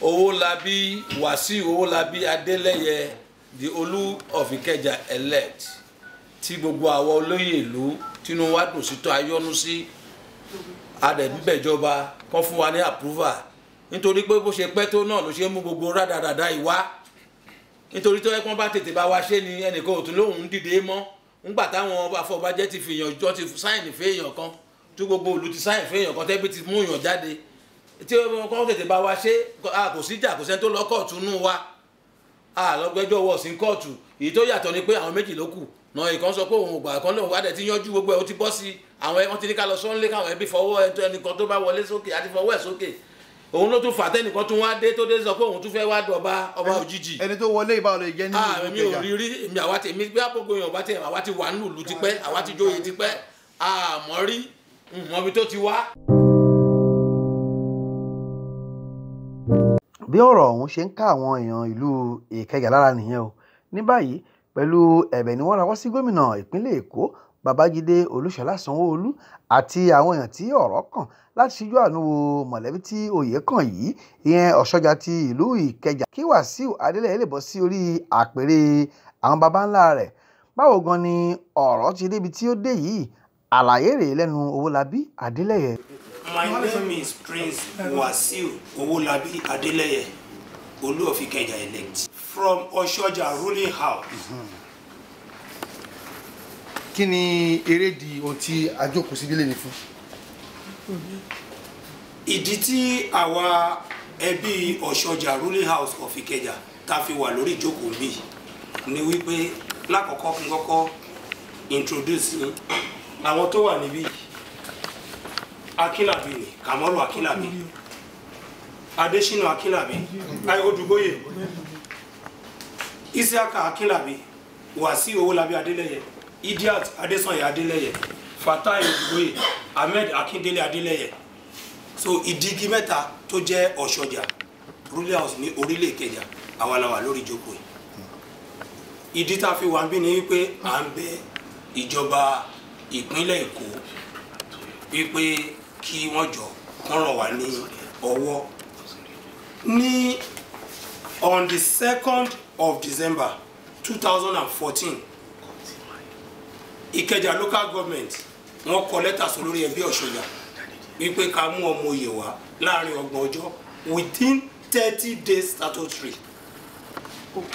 Owolabi Wasiu Owolabi Adeleye the Olú of Ikeja elect tí gbogbo àwọn olóyè ìlú tínú wa dùn sí tó ayọ́nú sí adẹ̀bíbẹ̀jọba kan fún wa ní àpúrúfà nítorí pé bó ṣe pẹ́ tó náà ló ṣe mú gbogbo rádaràdà ìwá nítorí tó yẹ kí wọ́n bá tètè bá wa ṣe ni ẹnìkan ò tún lóun dìde mọ́ ńgbà táwọn afọbajẹ ti fìyàn jọ ti sáìnì fèèyàn kan tí gbogbo ìlú ti sáìnì fèèyàn kan tẹ́bí ti mú yàn jáde tí wọ́n tètè bá wa ṣe a kò sí jà kò sẹ́ni tó lọ kóòtù nù wa a lọ́gbẹ́jọ́ wọ̀ sí kóòtù èyí tó yàtọ̀ ni pé àwọn méjì ló kù nà ìkan sọ pé òun ò gbà kan lóun wádẹ tí yanjú gbogbo ẹ ó ti bọ́ sí àwọn ẹ̀wọ̀n ti ní ká lọ sọ́nlé káwọn ẹbí fọwọ́ ẹnìkan tó bá wọlé sókè àti fọwọ́ ẹ̀ sókè òun ló tún fà tẹnìkan tún wá dé tó dé sọ pé òun tún fẹ́ wá dọ̀ba ọba òjijì. ẹni tó wọlé ìbá olè jẹ́ nínú ah, ìlú mi ò rí rí bí àpòkò yẹn ọba ti àwa ti wà nínú tipẹ́ àwa ti jóye tipẹ́ àmọ́ ah, rí mọ́bi tó ti wá. bí ọ̀rọ̀ ọ̀hún ṣe ń ká àwọn èèyàn ìlú ìkẹjà lára nìyẹn o ní báyìí pẹ̀lú ẹ̀bẹ̀ ni wọ́n rawọ́ sí gómìnà ìpínlẹ̀ èkó babájídé olúṣọlá sanwóolu àti àwọn èèyàn tí ọ̀rọ̀ kàn láti ṣíjú àánú wo mọ̀lẹ́bí tí oyè kàn yìí ìyẹn ọ̀ṣọ́jà ti ìlú ìkẹjà kí wàsíù adélẹ̀ lè bọ́ sí orí àpèrè àwọn baba ńlá rẹ̀ báwo gan ni ọ̀rọ̀ ti débi tí ó dé yìí àlàyé rèé lẹ́nu owólabí adélẹ̀yẹ. My name is Prince Wasiu Owolabi Adeleye, Olu of Ikeja elect, from Oshoja ruling house. Kí ni èrèdí ohun tí a jókòó síbí lè ní fún? Ìdí tí àwa ẹbí Oshoja ruling house of Ikeja ta fi wà lórí ìjókòó mi ni wípé lákọ̀ọ́kọ́ kí n kọ́kọ́ introduce àwọn tó wà níbí akínlàbí ni kàmọ́rù akínlàbí adésínà akínlàbí ayọ̀dùgbòye isiaka akínlàbí wàsíù owólabí adélẹ́yẹ idiat adésànyà adélẹ́yẹ fatai odùgbòye ahmed akíndélé adélẹ́yẹ so ìdígi mẹ́ta tó jẹ́ ọ̀ṣọ́jà ruler house ní orílẹ̀ ìkẹjà àwàlàwà lórí ìjókòó yìí ìdí tá a fi wà ń bí ni wípé à ń bẹ ìjọba ìpínlẹ̀ èkó wípé kí wọ́n jọ wọ́n ràn wá ní ọwọ́ ní on the second of December two thousand and fourteen Ìkẹjà local government wọ́n kọ lẹ́tà sọ lórí ẹbí Ọ̀ṣọ́jà wípé ká mú ọmọ oyè wá láàrin ọgbọ̀n ọjọ́ within thirty days statutory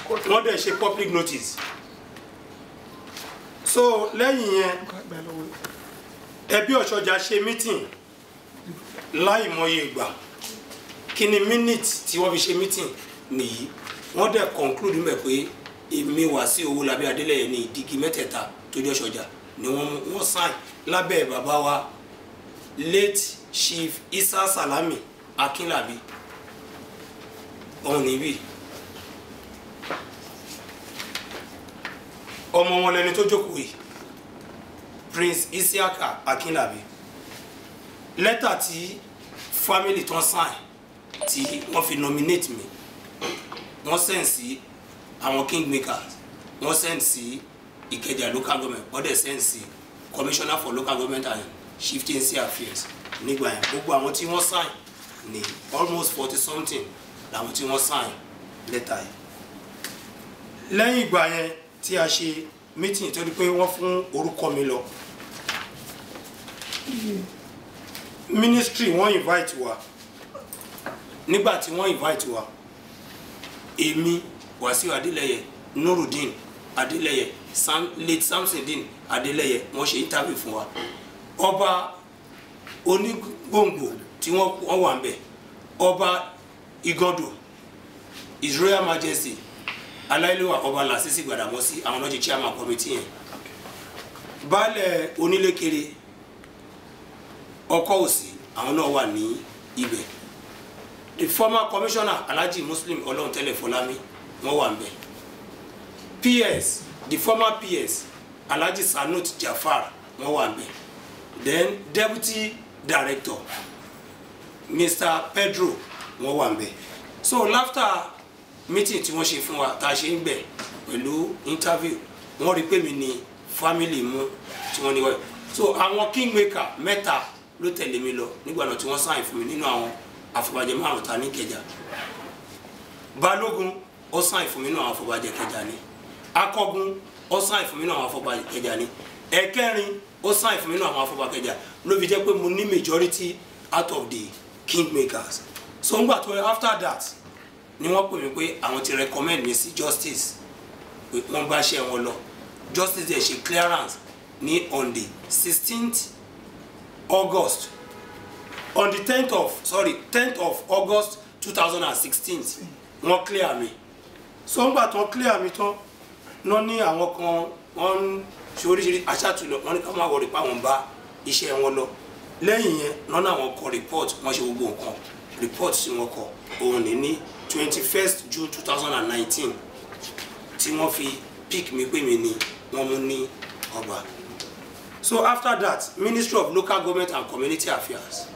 wọ́n dẹ̀ ṣe public notice so lẹ́yìn yẹn ẹbí Ọ̀ṣọ́jà ṣe meeting láì mọye ìgbà kí ni mínítì tí wọ́n fi ṣe mítìn nìyí wọ́n dẹ̀ conclude mẹ́ pé èmi Wasiu Owólabí Adélẹ́yẹ ní ìdígi mẹ́tẹ̀ẹ̀ta tó jọ sọjà ni wọ́n mú wọ́n sign lábẹ́ bàbá wa late chief Isa Salami Akínlàbí ọ̀hún níbí ọmọ wọn lẹni tó jókòó yìí Prince Isiaka Akínlàbí lẹ́tà tí family tó ń sign tí wọ́n fi nominate mi wọ́n send sí àwọn kingmakers wọ́n send sí ìkẹjà local government wọ́n dẹ̀ send sí commissioner for local government and shifting sea affairs nígbà yẹn gbogbo àwọn tí wọ́n sign ní almost forty something làwọn tí wọ́n sign lẹ́tà yìí lẹ́yìn ìgbà yẹn tí a ṣe meeting tó di pé wọ́n fún orúkọ mi lọ ministry wọ́n invite wa nígbà tí wọ́n invite wa èmi Wàsíù Adélẹ́yẹ Nurudeen Adélẹ́yẹ Sam, late Samsudeen Adélẹ́yẹ wọ́n ṣe interview fún wa ọba onígbòǹgbò tí wọ́n wà ń bẹ̀ ọba igodo His Royal Majesty aláìlúwà ọba Lásìsì Gbàdàmọ́sí àwọn ọlọ́jì chairman committee yẹn baálẹ̀ onílékeré ọkọ òsì àwọn náà wà ní ibẹ̀ the former commissioner alhaji muslim ọlọ́runtẹ́lẹ̀ fọlámi wọ́n wà ń bẹ̀ ps the former ps alhaji sanut jafar wọ́n wà ń then deputy director mr pedro wọ́n wà ń so after meeting tí wọ́n ṣe fún wa tá a ṣe ń gbẹ̀ pẹ̀lú interview wọ́n rí pé mi ni family mu tí wọ́n ní wáyé so àwọn kingmaker mẹ́ta ló tẹ̀lé mi lọ nígbà náà tí wọ́n sáyìn fún mi nínú àwọn àfọbàjẹ́ márùn ta ní kẹjà balógun ó sáyìn fún mi nínú àwọn àfọbàjẹ́ kẹjà ni akọgun ó sáyìn fún mi nínú àwọn àfọbàjẹ́ kẹjà ni ẹ̀kẹrin ó sáyìn fún mi nínú àwọn àfọbàjẹ́ kẹjà ló fi jẹ́ pé mo ní majority out of the kingmakers so ngbà tó after that ni wọ́n pè mí pé àwọn ti recommend mi sí justice pé wọ́n bá ṣe wọn lọ justice dẹ̀ ṣe clearance ní on the sixteenth August on the tenth of sorry tenth of August two thousand and sixteen wọ́n clear mi so ńgbà tó clear mi tán wọ́n ní àwọn kan wọ́n ń ṣe oríṣiríṣi aṣáàtúlọ̀ wọ́n ní ká máa wọlé páwọn bá iṣẹ́ wọn lọ lẹ́yìn yẹn lọ́nà àwọn kọ report wọ́n ṣe gbogbo nǹkan report tí wọ́n kọ òun ní ní twenty first June two thousand and nineteen tí wọ́n fi pick mi pé mi ni wọ́n mú ní ọgbà so after that ministry of local government and community affairs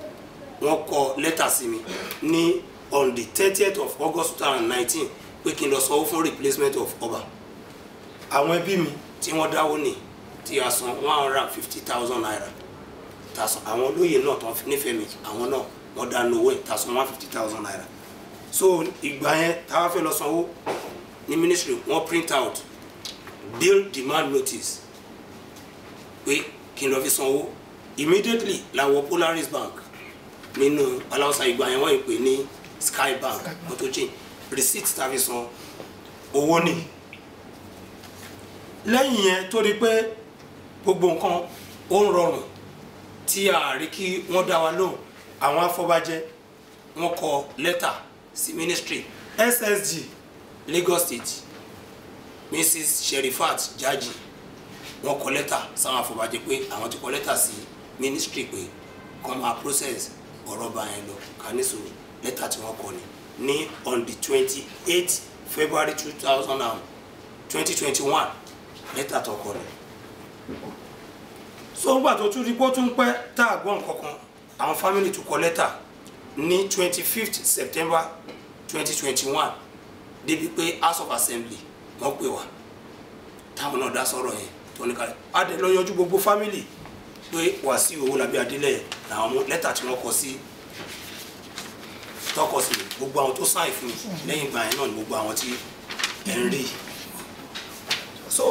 wọ́n kọ lẹ́tà sí mi ní on the 30th of august 2019, thousand nineteen pé kí n replacement of Oba. àwọn ẹbí mi tí wọ́n dáwó ní tí a 150,000 naira tàṣán àwọn olóyè náà tó ń fi nífẹ̀ẹ́ mi àwọn náà wọ́n dá no ẹ̀ tàṣán one fifty naira so ìgbà yẹn táwa fẹ́ lọ sanwó ní ministry wọ́n print out bill demand notice We kí n lọ fi sanwó immediately la wọ Polaris Bank nínú aláwọ̀sá ìgbà yẹn wọ́n ń pè ní Sky Bank motochin receipt tá a fi san owó ni lẹ́yìn yẹn tó di pé gbogbo nǹkan ó ń rọrùn tí a kí wọ́n dá wa lóhùn àwọn afọbajẹ wọ́n kọ lẹ́tà sí ministry SSG Lagos State Mrs Sherifat Jaji wọ́n kọ lẹ́tà sáwọn afọbajẹ pé àwọn ti kọ lẹ́tà sí ministry pé kàn máa process ọ̀rọ̀ bá yẹn lọ kàníṣó lẹ́tà tí wọ́n kọ ni ní on the twenty eight february two thousand and twenty twenty one lẹ́tà tó kọ ni. so gbà tó tún rí bó tún pẹ́ tá a gbọ́ nǹkan àwọn family tún kọ lẹ́tà ní twenty fifth september twenty twenty one débi pé house of assembly wọ́n pè wá táwọn náà dá sọ̀rọ̀ yẹn oníkàlẹ̀ adé lọ yọjú gbogbo fámìlì pé Wàsíù Owólabí Adélẹ̀ làwọn lẹ́tà tí wọ́n kọ sí tọkọ sí gbogbo àwọn tó sáì fún lẹ́yìn ìgbà yẹn náà ni gbogbo àwọn tí ẹ̀ ń rí so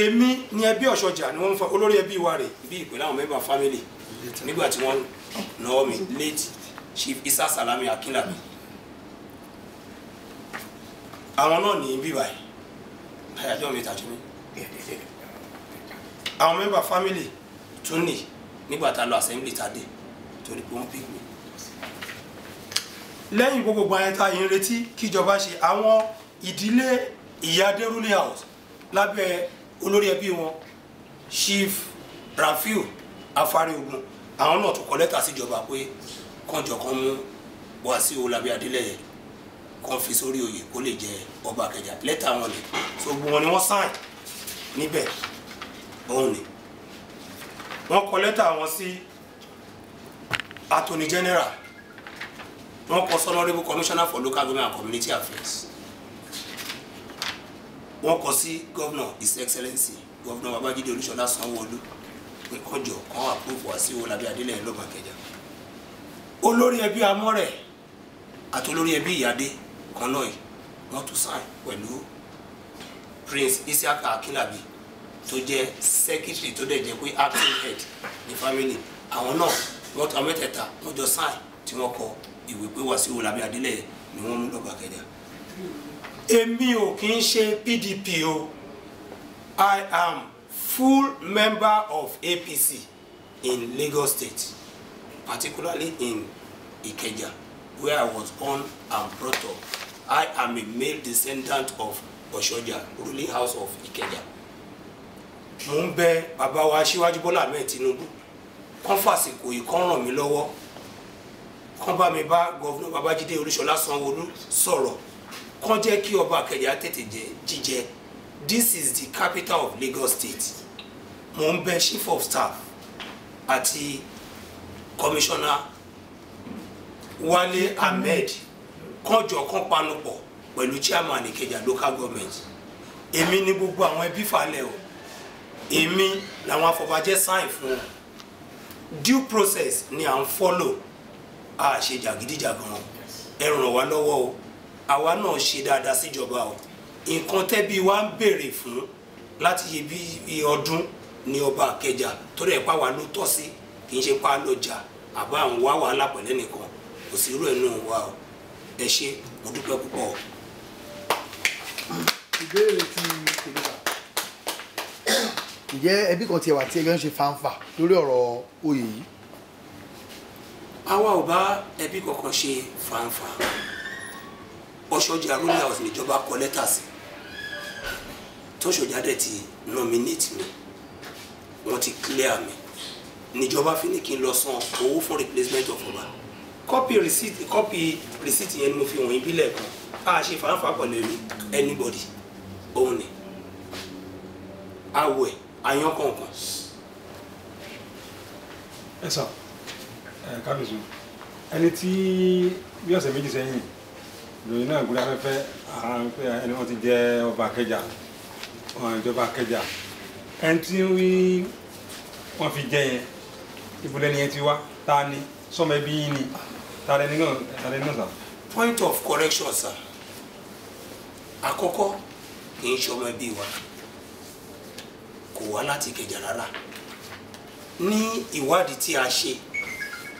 èmi ni ẹbí ọ̀ṣọ́jà ni wọ́n ń fa olórí ẹbí wa rè bí ìpè láwọn mẹ́bà fámìlì nígbà tí wọ́n náwó mi late chief isa salami akínlàbí àwọn náà ní bíbáyìí àyájọ́ mi tàjú mi àwọn mẹ́mbà fámìlì tún nì nígbà tá a lọ assembly tá a dé torí pé wọ́n pípé lẹ́yìn gbogbo ayẹta yìí ń retí kíjọba ṣe àwọn ìdílé ìyá Adérúlé house lábẹ́ olórí ẹbí wọn chief Rafiu Afáriogun àwọn náà tún kọ lẹ́tà síjọba pé kànjọ kan mú Wàsíù Ọlábí Adélẹ́yẹ kan fi sórí oyè kó lè jẹ ọba Ìkẹjà lẹ́tà wọn ni so gbogbo wọn ni wọ́n sáìn níbẹ̀ òun ni wọ́n kọ lẹ́tà wọn sí attorney general wọ́n kọ sí honourable commissioner for local government and community affairs wọ́n kọ sí governor his excellency governor babájídé olúṣọlá sanwóolu pé kọjọ kan approve wá sí olabi adélẹ̀ lọ́mọ akẹjà olórí ẹbí amọ́rẹ̀ àti olórí ẹbí ìyáde kan náà wọ́n tún sign pẹ̀lú prince isiaka akilabi tó jẹ́ secretary tó dẹ̀ jẹ́ pé acting head ní family àwọn náà wọ́n ta mẹ́tẹ̀ẹ̀ta wọ́n jọ sign tí wọ́n kọ ìwé pé Wàsíù Lámì Adélẹ́yẹ ni wọ́n mú lọ́gbà kẹjà. èmi ò kì í ṣe PDP o I am full member of APC in Lagos State particularly in Ikeja where I was born and brought up I am a male descendant of Oshoja ruling house of Ikeja mò ń bẹ bàbá wa aṣíwájú bọ́lá ahmed tinubu kán fàsìkò yìí kán ràn mí lọ́wọ́ kán bá mi bá gọ́vnà babájídé olúṣọlá sanwóolu sọ̀rọ̀ kán jẹ́ kí ọba Ìkẹjà tètè jíjẹ this is the capital of Lagos State mò ń bẹ chief of staff àti commissioner Wale Ahmed kán jọ kán panupọ̀ pẹ̀lú chairman Ìkẹjà local government èmi ni gbogbo àwọn ẹbí falẹ̀ o èmi làwọn afọbajẹ sáìn fún wọn due process ni à ń follow a ṣe jàgídíjàgan ẹ ràn wá lọ́wọ́ o àwa náà ṣe dáadáa síjọba o nǹkan tẹ́bí wa ń béèrè fún láti yẹ bí ọdún ní ọba àkẹjà tó rẹ̀ pa wá ló tọ́ sí kì í ṣe pa lọ jà àbá ń wá wàhálà pẹ̀lẹ́ nìkan kò sí irú ẹ̀ náà o ẹ ṣé mo dúpẹ́ púpọ̀. ìbéèrè ti ìpèníjà ǹjẹ́ ẹbí kan tiẹ̀ wà tí ẹgbẹ́ ń ṣe fanfa lórí ọ̀rọ̀ oyè yìí. àwa ò bá ẹbí kankan ṣe fanfa ọ̀ṣọ́jà rúlẹ̀ house níjọba kọ lẹ́tà sí tọ́ṣọ̀jà dẹ̀ ti nominate mi wọ́n ti clear mi níjọba fi ní kí n lọ san owó fún replacement of ọba kọ́pì receipt kọ́pì receipt yẹn ni mo fi wọ̀nyí bílẹ̀ kan a ṣe fanfa pẹ̀lú anybody òun ni awọ ẹ̀ àyàn kọ̀ọ̀kan. ẹ sọ ẹ kábíyèsí ẹni tí bí ọ̀sẹ̀ méjì sẹ́yìn lóyún náà gúnlẹ̀ afẹ́fẹ́ ẹni wọ́n ti jẹ́ ọba akẹ́jà ìjọba akẹ́jà ẹni tí wọ́n fi jẹ yẹn ìbúlẹ̀ ni yẹn ti wá ta ni sọmọ ẹbí yín ni ta lẹni náà ta lẹni náà sà. point of correction sir àkọ́kọ́ kì í ṣọmọ ẹbí wa kò wá láti Ìkẹjà rárá ní ìwádìí tí a ṣe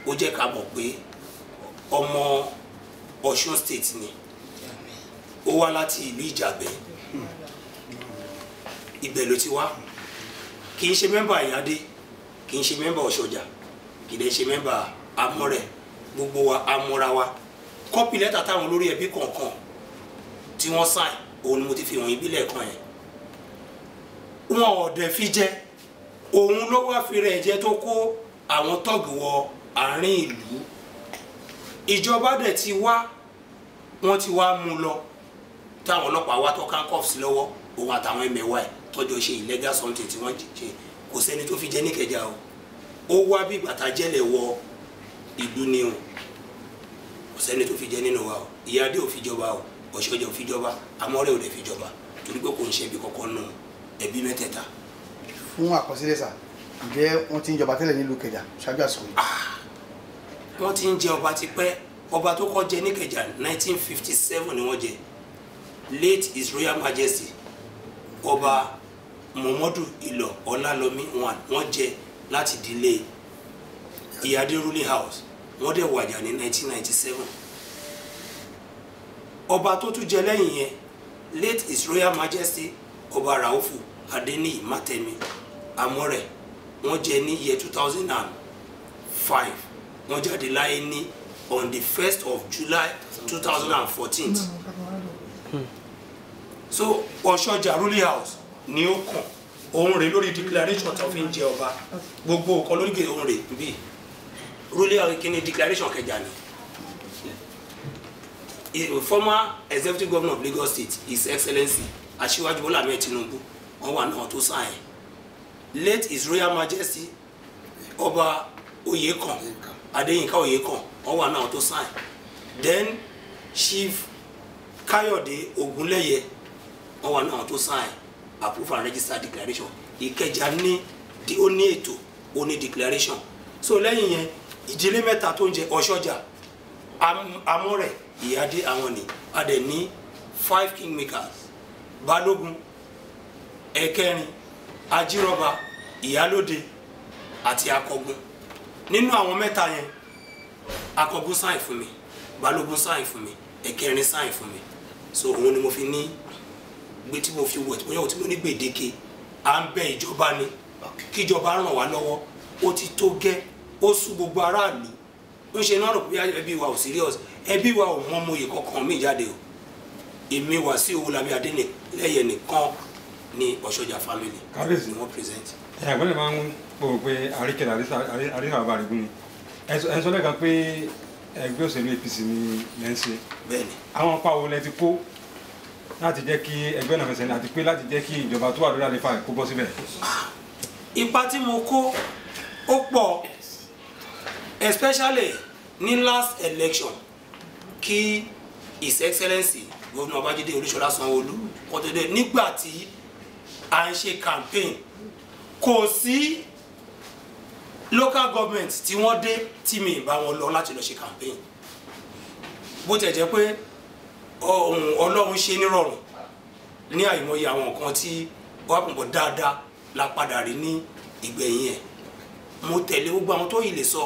ó jẹ́ ká mọ̀ pé ọmọ Ọ̀ṣun state ni ó wá láti ìlú Ìjàgbẹ́ ibẹ̀ ló ti wá kì í ṣe mẹ́mbà Ìyáde kì í ṣe mẹ́mbà Ọ̀ṣọ́jà kì í ṣe mẹ́mbà Amọ̀rẹ̀ gbogbo wa amúra wa kọ́pì lẹ́tà táwọn olórí ẹbí kọ̀ọ̀kan tí wọ́n sáìn òun ni mo ti fi hàn yín kan yẹn wọn ò dẹ̀ fi jẹ òun ló wá fi rẹ̀ jẹ tó kó àwọn tọ́ọ̀gì wọ àárín ìlú ìjọba dẹ̀ ti wá wọ́n ti wá mú lọ táwọn ọlọ́pàá wá tó handcuffs lọ́wọ́ òun àtàwọn ẹ̀mẹ̀wá ẹ̀ e tọ́jọ́ ṣe illegal something tí wọ́n ṣe kò sẹ́ni tó fi jẹ́ níkẹjà o ó wá bí bàtà jẹ́lẹ̀ wọ ìlú ni o kò sẹ́ni tó fi jẹ́ nínú wa o ìyáadé ò fi jọba o ọ̀ṣọ́jọ́ ò jọba amọ́rẹ́ ò dẹ̀ fi jọba torí pé kò ń ṣe ibi kọ́kọ́ náà ẹbí mẹ́tẹ̀ẹ̀ta. fún àkọsílẹ̀ sà ǹjẹ́ wọ́n ti ń jọba tẹ́lẹ̀ nílùú kẹjà ṣáájú àsìkò yìí. Ah! wọ́n ti ń jẹ ọba tipẹ́ ọba tó kọ́ jẹ ní kẹjà 1957 ni wọ́n jẹ late his royal majesty ọba muhammadu ilọ̀ ọlálọ́mí wọ́n jẹ láti dílé ìyáde ruling house wọ́n dẹ̀ wàjà ní 1997 ọba tó tún jẹ lẹ́yìn yẹn late his royal majesty ọba raufu adeniyi matemi Amore. wọ́n jẹ ní year two thousand and five wọ́n jáde láyé ní on the first of july two thousand and fourteen so ọ̀ṣọ́jà ruling house ni ó kàn òun rè lórí declaration tó fi ń jẹ ọba gbogbo nǹkan lórí òun rè bíi ruling house kìíní declaration kẹjà ni former executive governor of lagos state his excellency aṣíwájú bọ́lá ahmed tinubu wọ́n wà náà tó sáà yẹn late his royal majesty ọba oyekan adéyínká oyekan wọ́n wà náà tó sáà yẹn then chief káyọ̀dé ogunléyẹ wọ́n wà náà tó sáà yẹn approve and register declaration ìkẹjà ní ó ní ètò ó ní declaration so lẹ́yìn yẹn ìdílé mẹ́ta tó ń jẹ ọ̀ṣọ́jà amọ̀rẹ̀ ìyáde àwọn ni a dẹ̀ ní five kingmakers balógun ẹ̀kẹrin ajírọba ìyálóde àti akọgun nínú àwọn mẹ́ta yẹn akọgun sáìn fún mi balógun sáìn fún mi ẹ̀kẹrin sáìn fún mi so òun ni mo fi ní gbé tí mo fi wọ̀ bóyá òtí mo ní gbèdéke à ń bẹ ìjọba ni kíjọba ràn wá lọ́wọ́ ó ti tó gẹ́ ó sú gbogbo aráàlú ń ṣe náà rò pé ẹbí wa ò serious ẹbí wa ò mọ ọmọ yìí kankan mi jáde o èmi wà sí Owólabí Adénìkan lẹ́yìn nìkan ní ọ̀ṣọ́jà family ni wọ́n present. ẹ àgbẹ̀lẹ̀ máa ń pò pé àríkẹ̀lẹ̀ àríkà bàbá rẹ̀ gún ni ẹ sọ lẹ́ka pé ẹgbẹ́ òṣèlú APC ni lẹ́ ń ṣe àwọn apá wo lẹ ti kó láti jẹ́ kí ẹgbẹ́ náà fẹsẹ̀ àti pé láti jẹ́ kí ìjọba tó wà lórí àlefa kó bọ́ síbẹ̀. ipa tí mo kó ó pọ̀ especially ní last election kí his excellency gómìnà Babájídé Olúṣọlá sanwó kò dédé nígbà tí à ń ṣe campaign kò sí local government tí wọ́n dé tí mi bá wọn lọ láti lọ ṣe campaign bó tẹ̀ jẹ́ pé ọlọ́run ṣe nírọ̀rùn ní àìmọye àwọn nǹkan tí wàá pọ̀ dáadáa la padà rí ní ìgbẹ̀yìn ẹ̀ mo tẹ̀lé gbogbo àwọn tó yìí lè sọ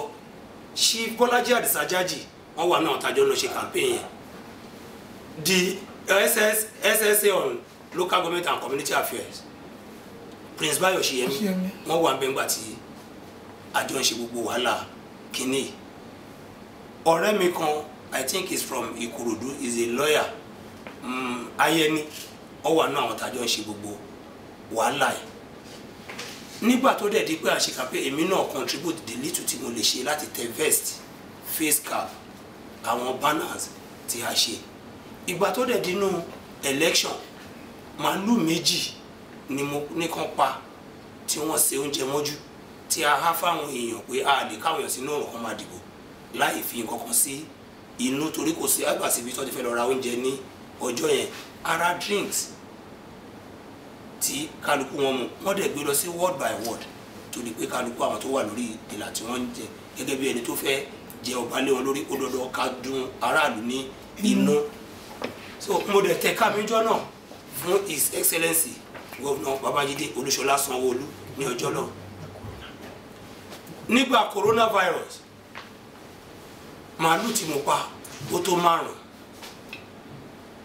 ṣí Bọ́lájí Àdìsá wọ́n wà náà tájọ́ lọ ṣe campaign yẹn di SS, SSA on local government and community affairs Prince Bayo Ṣeyẹmi Mo wà bẹ́ẹ̀ ńgbà tí àjọ ń ṣe gbogbo wàhálà kínní ọ̀rẹ́ mi kan I think is from Ikorodu is a lawyer um, mm, Ayẹni ó wà nú àwọn tàjọ ń ṣe gbogbo wàhálà yìí nígbà tó dẹ̀ di pé àṣekà pé èmi náà contribute the little tí mo lè ṣe láti tẹ vest face cap àwọn banners tí a ṣe ìgbà tó dẹ̀ dínú election màálù méjì ni mo nìkan pa tí wọ́n ṣe oúnjẹ mọ́jú tí a há fáwọn èèyàn pé a lè káwọn èèyàn sínú ọ̀rọ̀ kan máa dìbò láì fi nǹkan kan sí inú torí kò sí àgbà síbi tó ti fẹ́ lọ ra oúnjẹ ní ọjọ́ yẹn ara drinks tí kálukú wọn mu wọ́n dẹ̀ gbé lọ sí word by word torí pé kálukú àwọn tó wà lórí ìlà tí wọ́n ń jẹ gẹ́gẹ́ bí ẹni tó fẹ́ jẹ ọba lé wọn lórí ó dọdọ ká dùn aráàlú ní inú. Mm -hmm so mo dẹ̀ tẹ̀ka mi jọ náà fún his excellency governor babajide olúṣọlá sanwóolu ní ọjọ́ náà nígbà coronavirus màálù tí mo pa ó tó márùn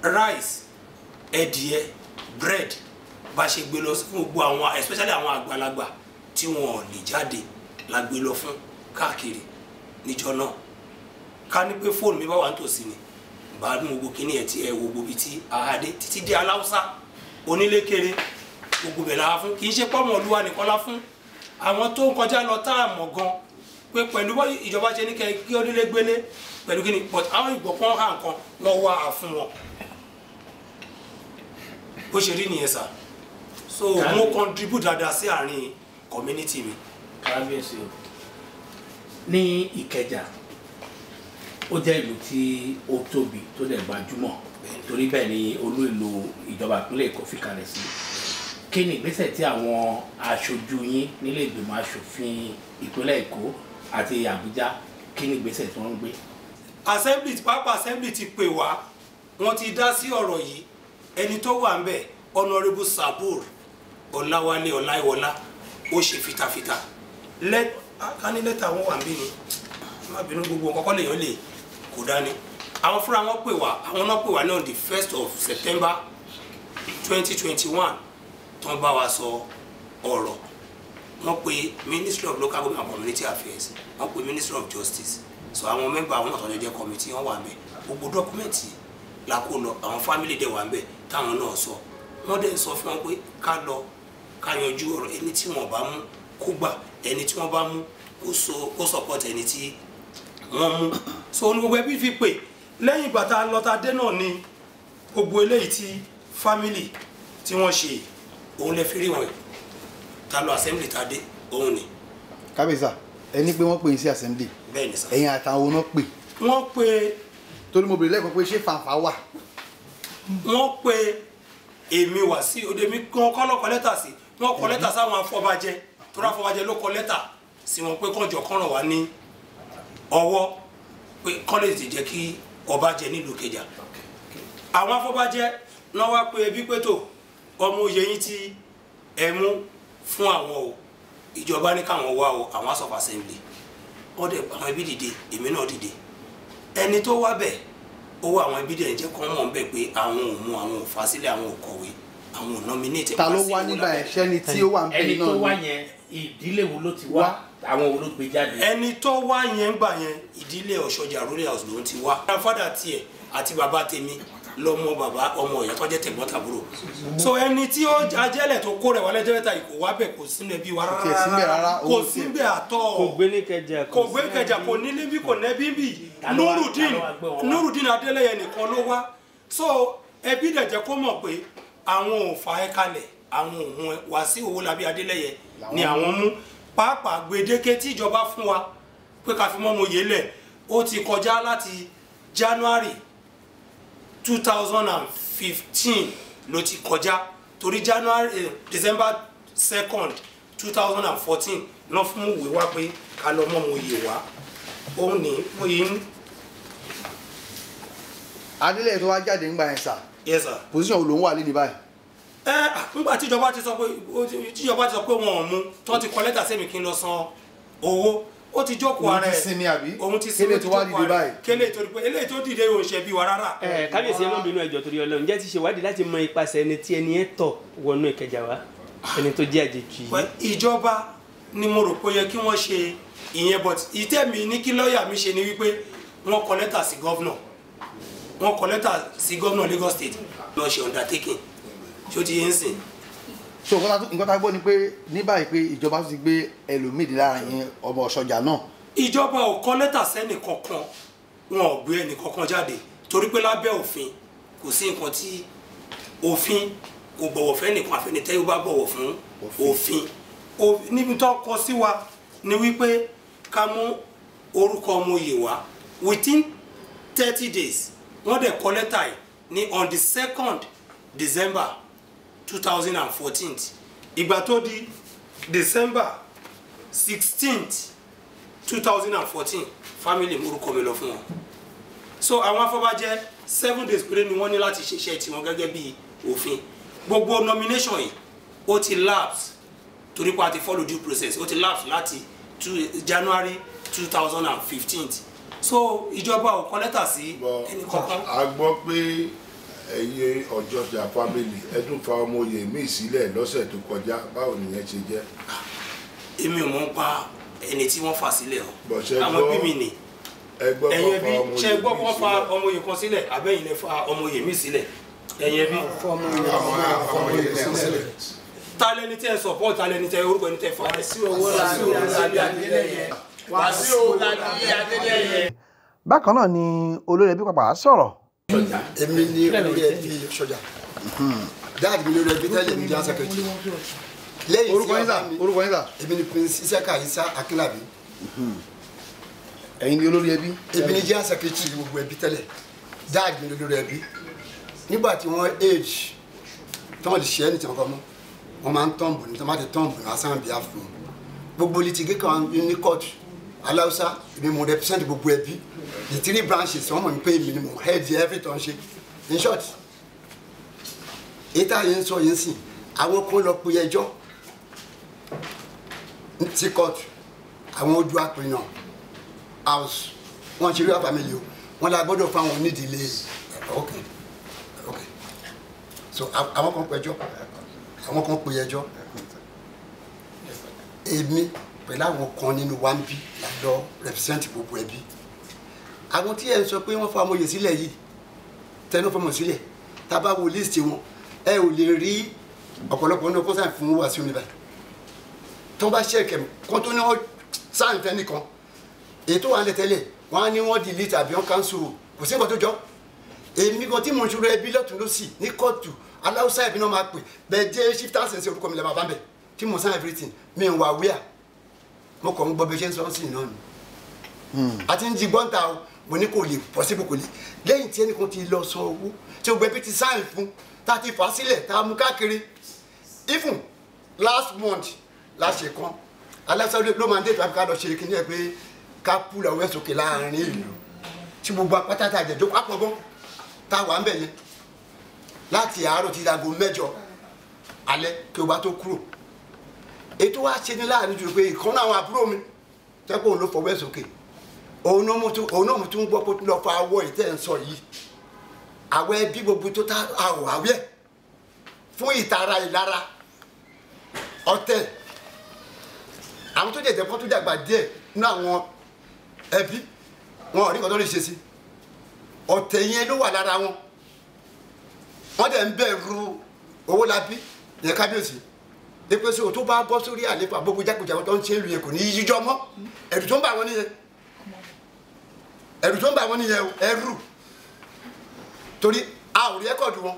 rice ẹdìẹ bread bá ṣe gbé lọ fún gbogbo àwọn especially àwọn àgbàlagbà tí wọn ò lè jáde la gbé lọ fún káàkiri níjọ náà ká ní pé fóònù mi bá wà nítòsí ni gbádùn gbogbo kíní ẹ̀ tí ẹ wo gbogbo bíi ti àádé títí dé aláwùsá onílékeré gbogbo bẹ̀ la fún kì í ṣe pọ́mọ̀ olúwa nìkan la fún àwọn tó ń kọjá lọ tá a mọ̀ gan pé pẹ̀lú ìjọba ṣe ní kẹ́ kí onílé gbélé pẹ̀lú kíní but àwọn ìgbọ̀pọ̀ hàn kan lọ́wọ́ àfún wọn bó ṣe rí nìyẹn sà so mo contribute dáadáa sí àárín community mi. kábíyèsí ní ìkẹjà ó jẹ́ ìlú tí ó tóbi tó dẹ̀ gbajúmọ̀ torí bẹ́ẹ̀ ni olú ìlú ìjọba ìpínlẹ̀ Èkó fi kalẹ̀ sí kí ni ìgbésẹ̀ tí àwọn aṣojú yín nílé ìgbìmọ̀ aṣòfin ìpínlẹ̀ Èkó àti Àbújá kí ni ìgbésẹ̀ tí wọ́n ń gbé. assembly pápá assembly ti pè wá wọ́n ti dá sí ọ̀rọ̀ yìí ẹni tó wà ń bẹ̀ honourable Sabur Ọláwálé Ọláìwọlá ó ṣe fitafita lẹ́tà ká ní lẹ́tà wọn wà ń bí ni má bínú gbogbo nǹkan kọ́ lèèyàn lè kò dání àwọn fúnra wọn pè wá àwọn náà pè wá náà the first of September twenty twenty one tán bá wa sọ ọ̀rọ̀ wọ́n pe ministry of local government and community affairs wọ́n pe ministry of justice so àwọn mẹ́mbà àwọn ọ̀tọ̀ jẹjẹ committee wọ́n wà mẹ́ gbogbo dọ́kúmẹ́ǹtì la àwọn family dẹ̀ wà ń táwọn náà sọ wọ́n dẹ̀ sọ fún wọn pé ká lọ ká yanjú ọ̀rọ̀ ẹni tí wọ́n bá mú kó gbà ẹni tí wọ́n bá mú kó support ẹni tí wọ́n mú so ní gbogbo ẹbí fi pè lẹ́yìn ìgbà tá a lọ tá a dé náà ni gbogbo eléyìí tí fámìlì tí wọ́n ṣe òun lè fi rí wọn ta lọ assembly ta dé òun ni. kábíyèsà ẹni pé wọ́n pè yín sí assembly ẹ̀yin àtàwọn náà pè. wọ́n pe. torí mo bèrè lẹ́kọ̀ọ́ pé ṣé fàǹfà wà. wọ́n pe èmi wá sí òde mi wọ́n kọ́ lọ́kọ̀ lẹ́tà sí wọ́n kọ lẹ́tà sáwọn afọbajẹ tó ráfọbajẹ ló kọ lẹ́tà sí wọn pé kọ́njọ kọ́ràn wá ní ọwọ́ pé college ti jẹ́ kí ọba jẹ nílùú kẹjà àwọn afọbajẹ náà wá pé ẹbí pé tó ọmọ oyè yín tí ẹ mú fún àwọn o ìjọba ní káwọn wá o àwọn house of assembly wọ́n dẹ̀ àwọn ẹbí dìde èmi náà dìde ẹni tó wá bẹ̀ owó àwọn ẹbí dẹ̀ ń jẹ́ kọ́ mọ̀ pé àwọn ò mú àwọn ò fásílẹ̀ àwọn ò kọ̀wé àwọn ò nominate. ta ló wá nígbà ẹ̀ sẹ́ni tí ó wà ń bẹ̀ náà ni ẹni tó wá yẹn ìdílé wo ló ti wá àwọn olóògbé jáde. ẹni tó wá yẹn gbà yẹn ìdílé ọ̀ṣọ́jà rural house ló ti wá. grandfather tiẹ̀ àti bàbá tèmi lọmọ bàbá ọmọ ìyá tó jẹ́ so ẹni tí ó ajẹ́lẹ̀ tó kó rẹ̀ wọlé jẹ́rẹ́ta yìí kò wá bẹ̀ kò sínú ẹbí wa rárá kò síbẹ̀ àtọ̀ kò gbélé kẹjà kò gbélé kẹjà kò nílé bí kò nẹ́bí bì nurudin nurudin adélẹ́yẹ nìkan ló wá so ẹbí dẹ̀ jẹ́ kó mọ̀ pé àwọn ò fà ẹ́ kalẹ̀ àwọn òun wá sí owó labí adélẹ́yẹ ni àwọn mú pàápàá gbèdéke tí ìjọba fún wa pé ká fi mọ́mọ yé lẹ̀ ó ti kọjá láti January two thousand and fifteen ló ti kọjá torí January eh, December second two thousand and fourteen lọ fún ìwé wa pé ká lọ mọ́mọ yé wa òun ni mo yé ń. adélẹ̀ tó wá jáde ń gba ẹ̀ sà. yes sir. position wo ló ń wà lé ní báyìí ẹ nígbà tíjọba ti sọ pé tíjọba ti sọ pé wọn ò mú tó ti kọ lẹ́tà sẹ́mi kí n lọ san owó ó ti jókòó ara ẹ̀ òun ti sinmi tó wá dìde báyìí kélé tó dìde eléyìí tó dìde yóò ṣe bí wa rárá. ẹ kábíyèsí ẹ má bínú ẹjọ́ torí Ọlọ́run jẹ ti ṣe wádìí láti mọ ipasẹ̀ ẹni tí ẹni ẹ tọ wọnú Ìkẹjà wa ẹni tó jẹ àjèjì yìí. ìjọba ni mo rò pé ó yẹ kí wọ́n ṣe ìyẹn but ìtẹ́ mi ní kí lọ́ọ̀yà mi ṣe ni wípé wọ́n kọ lẹ́tà sí gọ́vnọ̀ wọ́n kọ lẹ́tà sí gọ́vnọ̀ Lagos State lọ́ọ́ ṣe undertaking ṣó ti yé ń sìn. so nǹkan tá a gbọ́ ni pé ní báyìí pé ìjọba ti gbé ẹlòmíì lára yẹn ọmọ ọ̀ṣọ́jà náà. ìjọba ò kọ lẹ́tà sẹ́nì kankan wọn ò gbé ẹnì kankan jáde torí pé lábẹ́ òfin kò sí nǹkan tí òfin kò bọ̀wọ̀ fẹ́ nìkan àfẹnitẹ́ yóò bá bọ̀wọ̀ fún òfin níbi tó kọ sí wa ni wípé ká mú orúkọ ọmọ oyè wá within thirty days wọ́n dẹ̀ kọ lẹ́tà yìí ní on the second December 2014. thousand and ìgbà tó di december 16 two thousand family morúkọ mi lọ fún wọn so àwọn afọbajẹ seven days péré ni wọ́n ní láti ṣiṣẹ́ tiwọn gẹ́gẹ́ bí òfin gbogbo nomination yìí ó ti lapse torí pé a ti follow due process ó ti lapse láti january 2015. so ìjọba ò kọ lẹ́tà sí ẹnì kọ̀ọ̀kan. a gbọ́ pé ẹyẹ ọjọjà family ẹ tún fa ọmọ oyè míì sílẹ̀ lọ́sẹ̀ tó kọjá báwo nìyẹn ṣe jẹ́. Ah, èmi ò mọ̀ ń pa ẹni tí wọ́n fà sílẹ̀ o àwọn bí mi nì ẹ̀yin bí ṣe gbọ́ fa ọmọ oyè kan sílẹ̀ àbẹ́yìn lè fa ọmọ oyè míì sílẹ̀ ẹ̀yin bí. ọmọ oyè sílẹ̀ talẹni tẹ support talẹni tẹ orúkọ ẹni tẹ fa. Wasiu Owólabí Adélẹ́yẹ. Wasiu bákan náà ni olórí ẹbí pàpà sọ̀rọ̀ sọjà èmi ni olórí ẹbí sọjà dáàbì mi lórí ẹbí tẹ́lẹ̀ mi jẹ́ sẹ́kẹ̀tì lẹ́yìn sí ọ̀gá mi orúkọ yín sà èmi ni prince isaka isa akínlàbí. Hmm. ẹ̀yin ni olórí ẹbí. èmi ni jẹ́ sẹ́kẹ̀tì gbogbo ẹbí tẹ́lẹ̀ dáàbì mi lórí ẹbí nígbà tí wọ́n age tọ́wọ́n ti ṣe ẹni tí wọ́n kọ́ mọ́ wọ́n máa ń tọ́ǹbù ní tọ́wọ́n ti tọ́ǹbù lásán bí i àfọ̀ gbogbo litigé kan ní kóòtù aláwùsá èmi mo represent gbogbo ẹbí the three branches wọn mọ̀ ní pé èmi ni mo head every turn ṣe in short ètò àyè ń sọ yìí ń sìn àwọn kan lọ pe ẹjọ́ ti court àwọn ojú àpènà house wọn ṣe rí wà family o wọn la gbọ́dọ̀ fáwọn onídìílé ok ok so àwọn kan pe ẹjọ́ àwọn kan pe ẹjọ́ èmi pẹ̀lú àwọn kan nínú wa ń bí lọ represent gbogbo ẹbí àwọn tí ẹ ń sọ pé wọ́n fa amòye sílẹ̀ yìí tẹnu fọmọ sílẹ̀ tá a bá wo list wọn ẹ ò lè rí ọ̀pọ̀lọpọ̀ ní ọkọ̀sán fún wa sí omi báyìí tó bá ṣẹ̀kẹ̀ kó tó ní wọ́n sáà fẹ́ nìkan èyí tó wà lẹ tẹ́lẹ̀ wọ́n á ní wọ́n delete àbí wọ́n cancel kò sí nǹkan tó jọ èmi kan tí mo ń ṣòro ẹbí lọ́tún lọ́sì ní kóòtù aláwùsá ẹbí náà máa pè bẹ́ẹ̀ jẹ́ shifters ẹ̀ sí orúkọ mi lẹ́ẹ̀ bá bá bẹ̀ tí mo sign everything mi ń wà wíyà mo kàn ń gbọ́ bí ṣe ń sọ sí náà ni àti ń jí gbọ́ǹta o mo ní kò lè pọ́sibú kò lè lẹ́yìn tí ẹnìkan ti lọ sọ owó tí o gbẹ bí ti sáìn fún tá a ti fà á sílẹ̀ tá a mú káàkiri even last month la ṣe kan alásàlẹ̀ ló máa ń dètò àbíká lọ ṣe kí ni ẹ pé ká púlọ̀ wẹ́ sókè láàrin ìlú tí gbogbo apátá tá a jẹ̀jọ́ a wà ń bẹ̀ yẹn láti àárọ̀ ti dago mẹ́jọ alẹ́ kí o bá tó kúrò ètò wa ṣe ní láàrin jù pé ìkan náà àwọn àbúrò mi tẹ́pọ̀ òun ló fọwọ́ ẹ̀ sókè òun náà mo tún gbọ́ pé lọ́ọ́ fa awọ ìtẹ́ ń sọ yìí àwọ̀ ẹbí gbogbo tó ta àwọ̀ àwẹ̀ fún ìtara ìlara ọ̀tẹ̀ àwọn tó jẹ̀jẹ̀ fọ́n tó dàgbà díẹ̀ nínú àwọn ẹbí wọn ò rí nǹkan tó lè ṣe sí ọ̀tẹ̀ yẹn ló wà lára wọn wọ́n dẹ̀ ń bẹ̀rù owó labí ìyẹn kábíyèsí pé sọ tó bá bọ́ sórí àlefa gbogbo jákèjá tó ń ṣe lu yẹn kò ní í yíjọ mọ́ ẹ̀rù tó ń bà wọ́n nìyẹn ẹ̀rù tó ń bà wọ́n nìyẹn ẹ̀rù torí a ò rí ẹ́kọ̀dù wọn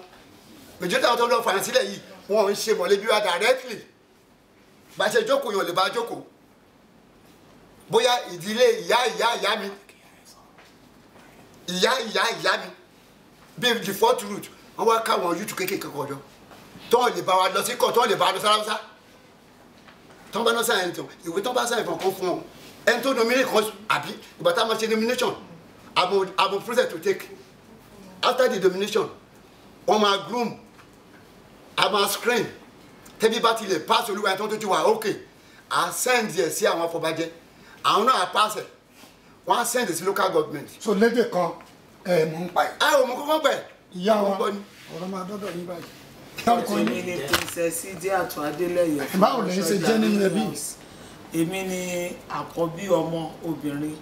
gbèjọ́ táwọn tó ń lọ fàyàn sílẹ̀ yìí wọn ò ń ṣe mọ̀lẹ́bí wa directly bá ṣe jókòó yàn lè bá jókòó bóyá ìdílé ìyá ìyá ìyá mi ìyá ìyá ìyá mi bí the fourth root wọn wá káwọn yútu kéékèèké kọjọ tọ́ lè bá wa lọ sí kọ́ tọ́ lè bá wa lọ sáráwúsá tọ́ bá lọ sáyẹn tó ìwé tọ́ bá sáyẹn fún ọkàn fún ọ ẹni tó nominate kan àbí ìgbà tá a máa ṣe nomination àbò àbò process to take after the nomination wọ́n máa groom a máa screen tẹ́bí bá tilẹ̀ pass olúwa ẹni tó tó ti wà ok A send yẹ sí àwọn afọbajẹ àwọn náà pass ẹ wọ́n a send sí local government. so lédè kan ẹ mò ń pa ẹ. a ò mú kókó pẹ. ìyá wa ọ̀rọ̀ máa dọ́dọ̀ ní báyìí ọkùnrin ni princess idiato adeleye báwo lẹ́yìn ṣe jẹ́ nínú ẹbí èmi ni àkọ́bí ọmọ obìnrin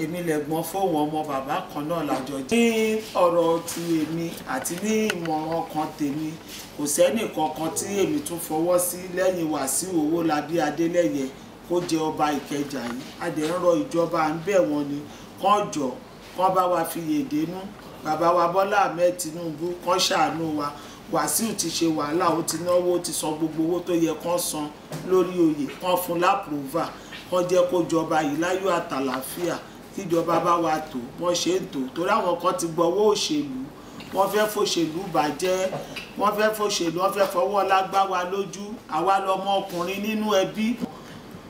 èmi lẹ̀gbọ́n fóun ọmọ bàbá kan náà lájọ jẹ́ ní ọ̀rọ̀ ti èmi àti ní ìmọ̀ràn ọkàn tèmi kò sẹ́nì kankan tí èmi tún fọwọ́ sí lẹ́yìn Wàsíù Owólabí Adélẹ́yẹ kó jẹ ọba Ìkẹjà yìí adẹ̀ ń rọ ìjọba à ń bẹ̀ wọ́n ni kán jọ kán bá wa fi yèdè nú bàbá wa Bọ́lá Ahmed Tinubu kán ṣàánú wa wàsíù ti ṣe wàhálà ó ti náwó ó ti san gbogbo owó tó yẹ kán san lórí oyè kán fún lápòvà kán jẹ́ kó jọba yìí láyọ̀ àtàlàfíà tíjọba bá wa tò wọ́n ṣe ń tò torí àwọn kan ti gbọ́wọ́ òṣèlú wọ́n fẹ́ fòṣèlú bàjẹ́ wọ́n fẹ́ fòṣèlú wọ́n fẹ́ fọwọ́ lágbá wa lójú àwa lọmọ ọkùnrin nínú ẹbí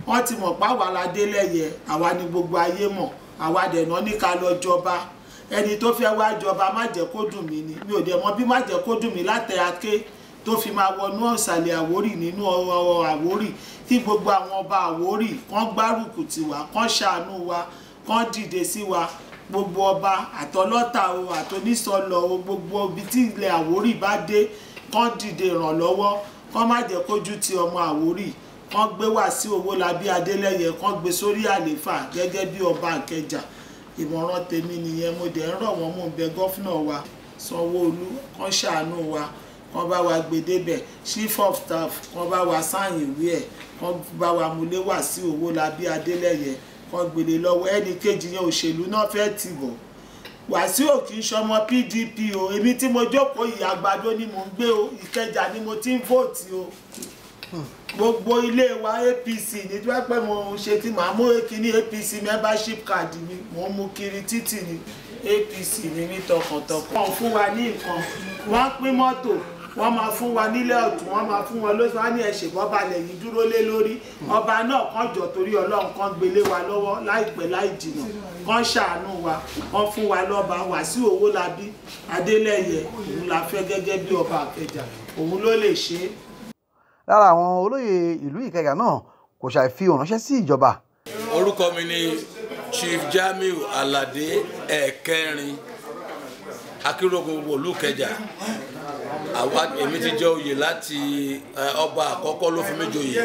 wọ́n ti mọ̀ pá wàhálà délẹ̀yẹ àwa ni gbogbo ayé mọ̀ àwa dẹ̀ náà ní ká lọ jọba ẹni tó fẹ́ wá jọba má jẹ́ kó dùn mí ni mi ò dẹ̀ mọ bí má jẹ́ kó dùn mí látẹ̀ aké tó fi máa wọnú ọ̀sàlẹ̀ àwórì nínú ọ̀rọ̀ àwórì tí gbogbo àwọn ọba àwórì kán gbárùkù tiwa kán ṣàánú wa kán dìde sí wa gbogbo ọba àtọlọ́ta o àtọ́nísọlọ o gbogbo ibi tí ilẹ̀ àwórì bá dé kán dìde ìrànlọ́wọ́ kán má jẹ́ kójú ti ọmọ àwórì kán gbé wá sí Owólabí Adélẹ́yẹ kán gbé sórí àléfà gẹ́gẹ́ bí ọba Ìkẹjà ìmọ̀ràn tèmi nìyẹn mo dẹ̀ ń rọ̀ wọ́n mò ń bẹ gọ́fúnà wa sanwó-olú kan ṣàánú wa kan bá wa gbèdébẹ̀ chief of staff kan bá wa sáyìn ìwé ẹ̀ kan bá wa múlé wá sí owó labí adélẹ́yẹ kan gbèlè lọ́wọ́ ẹnì kejì yẹn òṣèlú náà fẹ́ tì bọ̀ wàsíù kì í ṣọmọ pdp o èmi tí mo jókòó ìyá àgbàdo ni mò ń gbé o ìkẹjà ni mo ti ń vóòtì o. Hmm gbogbo ilé wa apc ní tí wọ́n pẹ́ mo ṣe tí màá mú kíní apc membership card mi mò ń mú kiri títì ní apc mi ní tọkàntọkàn. wọ́n fún wa ní nǹkan wọ́n pín mọ́tò wọ́n máa fún wa nílẹ̀ ọ̀tún wọ́n máa fún wọn lóṣù wọn ní ẹ̀ṣẹ̀ bọ́ba lẹ́yìn dúró lé lórí ọba náà kan jọ torí ọlọ́run kan gbélé wa lọ́wọ́ láìpẹ́ láì jìnà kan ṣàánú wa wọ́n fún wa lọ́ba Wàsíù Owólabí Adélẹ́yẹ òun la fẹ́ gẹ́gẹ́ bí ọba Àkẹjà òun ló lè ṣe é lára àwọn olóyè ìlú ìkẹjà náà kò ṣàì fi òránṣẹ́ sí ìjọba. orúkọ mi ni Chief Jamiu Alade ẹ̀kẹrin akérògùn gbogbo ìlú ìkẹjà àwa èmi ti jẹ oyè láti ọba àkọ́kọ́ ló fi mí joyè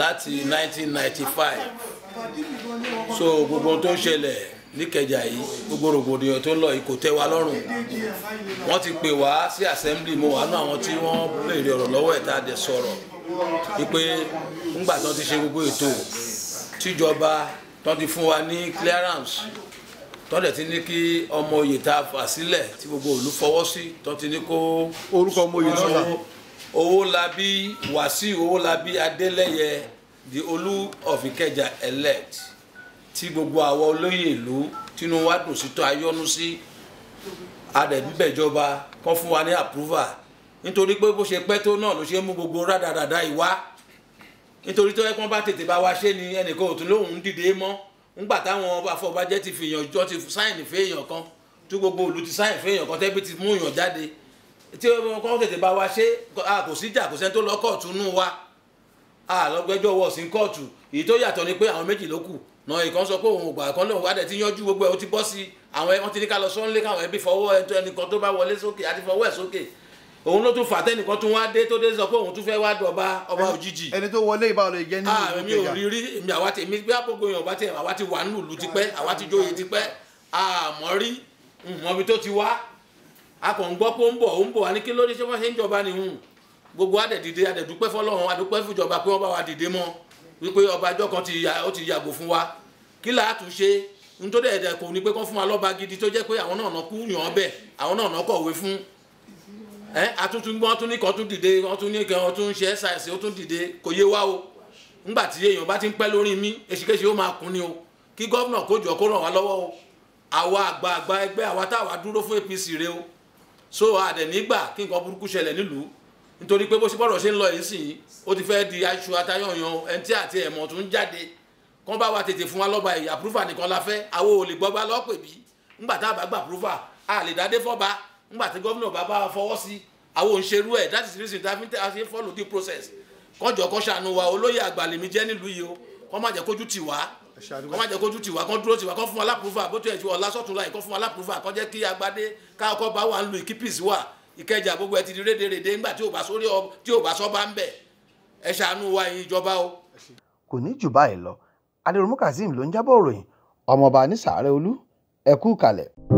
láti 1995 so gbogbo tó ń ṣẹlẹ̀ níkẹjà yìí gbogbo rògbòdìyàn tó lọ ikò tẹ́ wa lọ́rùn wọ́n ti pè wá sí assembly mo wà nú àwọn tí wọ́n béèrè ọ̀rọ̀ lọ́wọ́ ẹ̀ tá a dẹ̀ sọ̀rọ̀ wípé ńgbà tán ti ṣe gbogbo ètò tíjọba tán ti fún wa ní clearance tán dẹ̀ ti ní kí ọmọ oyè tá a fà sílẹ̀ tí gbogbo ìlú fọwọ́ sí tán ti ní kó orúkọ ọmọ oyè náà Owólabí Wàsíù Owólabí Adélẹ́yẹ the Olú of elect tí gbogbo àwa olóyè ìlú tínú wa dùn sí tó ayọ́nú sí adẹ̀bíbẹ̀jọba kan fún wa ní àpúrúvà nítorí pé bó ṣe pẹ́ tó náà ló ṣe mú gbogbo rádaràdà ìwá nítorí tó yẹ kí wọ́n bá tètè bá wa ṣe ni ẹnìkan ò tún lóhùn dìde mọ́ ńgbà táwọn afọbajẹ́ ti fìyàn jọ ti sáìnì fẹ́yàn kan tí gbogbo òlu ti sáìnì fẹ́yàn kan tẹ́bí ti mú yàn jáde tí wọ́n tètè bá wa ṣe kò sí jà kò sẹ́ni tó lọ kóòtù nù wa àlọ́gbẹ́jọ́ wọ̀ sí kóòtù èyí tó yàtọ̀ ni pé àwọn méjì ló kù náà ìkan sọ pé òun ò gbà kan lóun wá dẹ̀ ti yanjú gbogbo ẹ̀ ó ti bọ́ sí àwọn ẹ̀ wọ́n ti ní ká lọ sọ́nlé káwọn ẹbí fọwọ́ ẹ̀ tó ẹnìkan tó bá wọlé sókè àti fọwọ́ ẹ̀ sókè òun ló tún fà tẹnìkan tún wá dé tó dé sọ pé òun tún fẹ́ wá dọ̀ba ọba òjijì. ẹni tó wọlé ìbá olè jẹ nínú ah, ìlú kẹjà. mi ò rí rí mi àwa tèmi bí àpòkò yẹn ọba tẹ àwa ti wà nínú ìlú tipẹ́ àwa ti jóye tipẹ́ àmọ́ rí mọ̀bi tó ti wá a kàn ń gbọ́ pé ó ń bọ̀ ó ń bọ̀ àní kí ló dé ṣé wọ́n ṣe ń jọba nìhun gbogbo adẹ̀dìde adẹ̀dúpẹ́ fọlọ́run adúpẹ́ fújọba pé wọ́n bá wa dìde mọ́ wípé ọba àjọ kan ti yàgò fún wa kí là á tún ṣe nítorí ẹ̀dẹ̀ kò ní pé kán fún wa lọ́ba gidi tó jẹ́ pé àwọn náà nà kú yàn ọ́ bẹ̀ àwọn náà nà kọ̀wé fún ẹ àtúntún gbọ́n tún ní kan tún dìde wọ́n tún ní kan tún ṣe ṣàìsí ó tún dìde kò yé wa o ńgbà tí èèyàn bá ti ń pẹ́ lórí mi èṣìkéṣe ó máa kún ni o kí gọ́vnà kó jọ kó ràn wá lọ́wọ́ o àwa àgbààgbà ẹgbẹ́ àwa táwa dúró fún APC rẹ o so àdẹ̀ nígbà kí nǹkan burúkú ṣẹlẹ̀ nílùú nítorí pé bó ṣe bọ́rọ̀ ṣe ń lọ yìí sìn ó ti fẹ́ di aṣọ atayọ̀yàn ẹntì àti ẹ̀mọ́ tó ń jáde kán bá wa tètè fún wa lọ́ba ẹ̀yà púrúfà nìkan la fẹ́ àwọn ò lè gbọ́gbá lọ́pẹ̀ bí ńgbà tá a bá gbà púrúfà a lè dádé fọ́ba ńgbà tí gómìnà bá bá wa fọwọ́ sí àwọn ò ń ṣerú ẹ̀ that is the reason tá a fi ń follow the process kọjọ kọ ṣàánú wa olóyè àgbàlèmí jẹ́ nílùú yìí o kọ́ má jẹ́ kójú tì wá kọ́ má jẹ́ kójú tì wá kọ́ dúró tì wá kọ́ fún wa lápúrúfà bó tilẹ̀ ti ọ̀la sọ́tún láì kọ́ fún wa lápúrúfà kọ́ jẹ́ kí agbádé káàkọ́ bá wà ìkẹjà gbogbo ẹ ti di rédèrèdè ńgbà tí ò bá sórí ọ tí ò bá sọ bá ń bẹ ẹ ṣàánú wa ẹ̀yin ìjọba o. kò ní jù báyìí lọ adéròmù kazeem ló ń jábọ̀ ròyìn ọmọọba ní sàárẹ̀ olú ẹ̀kú kalẹ̀.